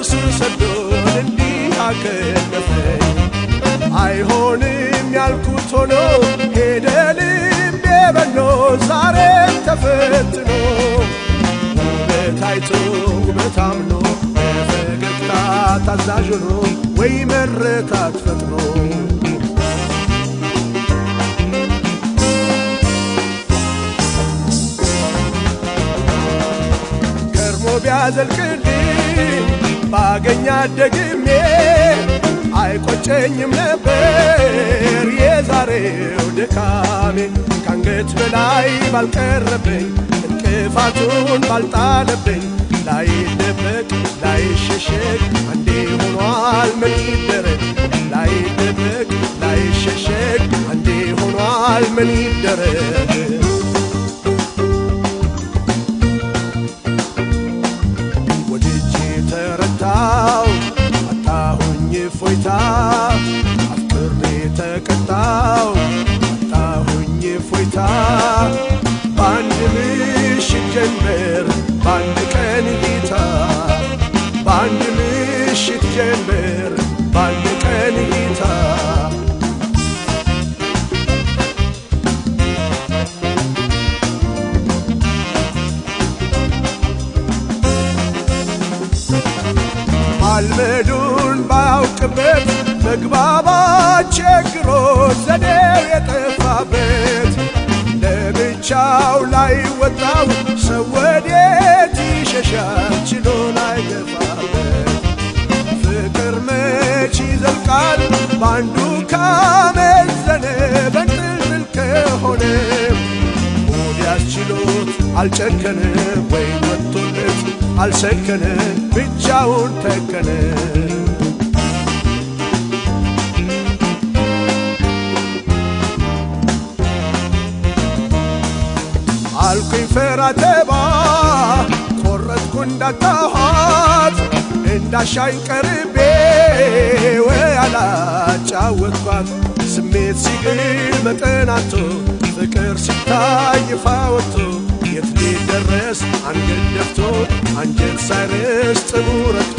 ኢየሱስ ሰዶን እንዲህ አከለፈኝ። አይሆንም ያልኩት ሆኖ ሄደ ልቤ በኖ ዛሬም ተፈትኖ ውበት አይቶ ውበት አምኖ በፈገግታ ታዛዥ ሆኖ ወይ መረታት ፈጥኖ ቢያዘልቅ ባገኛት ደግሜ አይቆጨኝም ነበር የዛሬው ድካሜ ከአንገት በላይ ባልቀረብኝ እንቅፋቱን ባልጣለብኝ ላይደበቅ ላይሸሸግ አንዴ ሆኗል ምን ይደረግ ላይደበቅ ላይሸሸግ አንዴ ሆኗል ምን በበሽታው አጣሁኝ ፎይታ አፍቅሬ ተቀጣው አጣሁኝ ፎይታ በአንድ ምሽት ጀንበር በአንድ ቀን ጌታ በአንድ ምሽት ጀንበር መላመዱን ባውቅበት መግባባት ቸግሮ ዘዴው የጠፋበት ለብቻው ላይ ወጣው ሰው ወዴት ይሸሻል ችሎ ላይ ገፋበት ፍቅር መች ይዘልቃል በአንዱ ካመዘነ በንጥልጥል ከሆነ ሆድ ያስችሎት አልጨከነ ወይ አልሰከነ ብቻውን ተከነ አልኩኝ ፈራተባ ቆረጥኩ እንዳታኋት እንዳሻኝ ቀርቤ ወይ አላጫወትኳት ስሜት ሲግል መጠናቶ ፍቅር ሲታይ ይፋ ወጥቶ የት ሊደረስ አንገት አንጀት ሳይረስ ጥሙ ረግቶ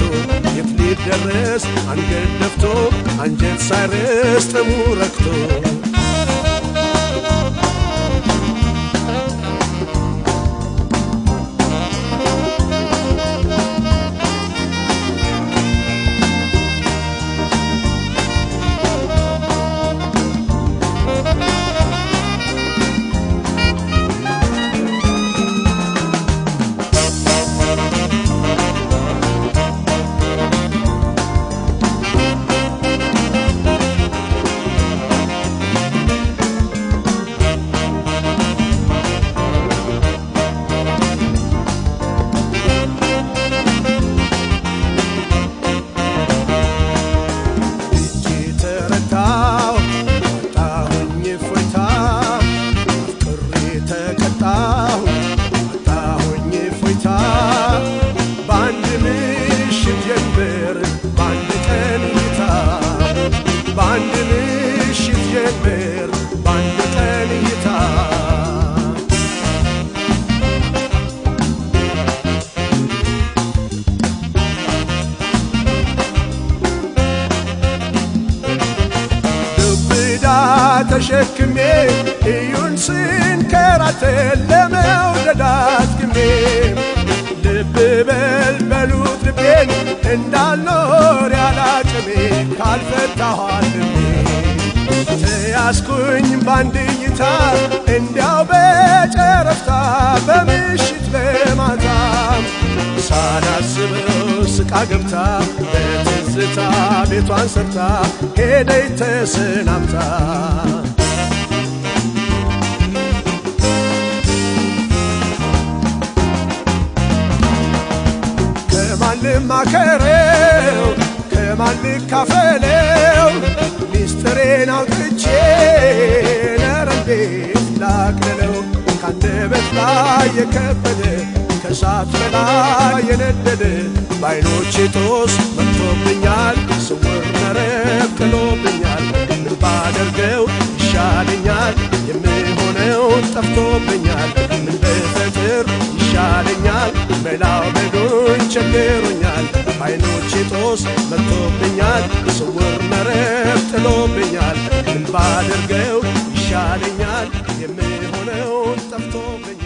የት ሊደረስ አንገት ደፍቶ አንጀት ሳይረስ ጥሙ ረግቶ ተሸክሜ እዩን ስንከራተል ለመውደድ አትክሜ ልብ በል በሉት ልቤን እንዳልኖር ያላቅሜ ካልፈታኋልሜ ተያዝኩኝ ባንድ እንዲያው በጨረፍታ በምሽት በማታ ሳላስበው ስቃ ገብታ በትዝታ ቤቷን ሰርታ ሄደች ተሰናብታ ልማከረው ከማን ልካፈለው ሚስጥሬን አውጥቼ ነረንቤ ላቅለለው ካንደበት ላይ የከበደ ከእሳት በላይ የነደደ በዓይኖቼ ጦስ መጥቶብኛል፣ ስውር መረብ ጥሎብኛል። ምን ባደርገው ይሻለኛል? የምሆነው ጠፍቶብኛል። አይኖች ጦስ መጥቶብኛል፣ ስውር መረብ ጥሎብኛል። ምን ባደርገው ይሻለኛል? የምሆነውን ጠፍቶብኛል።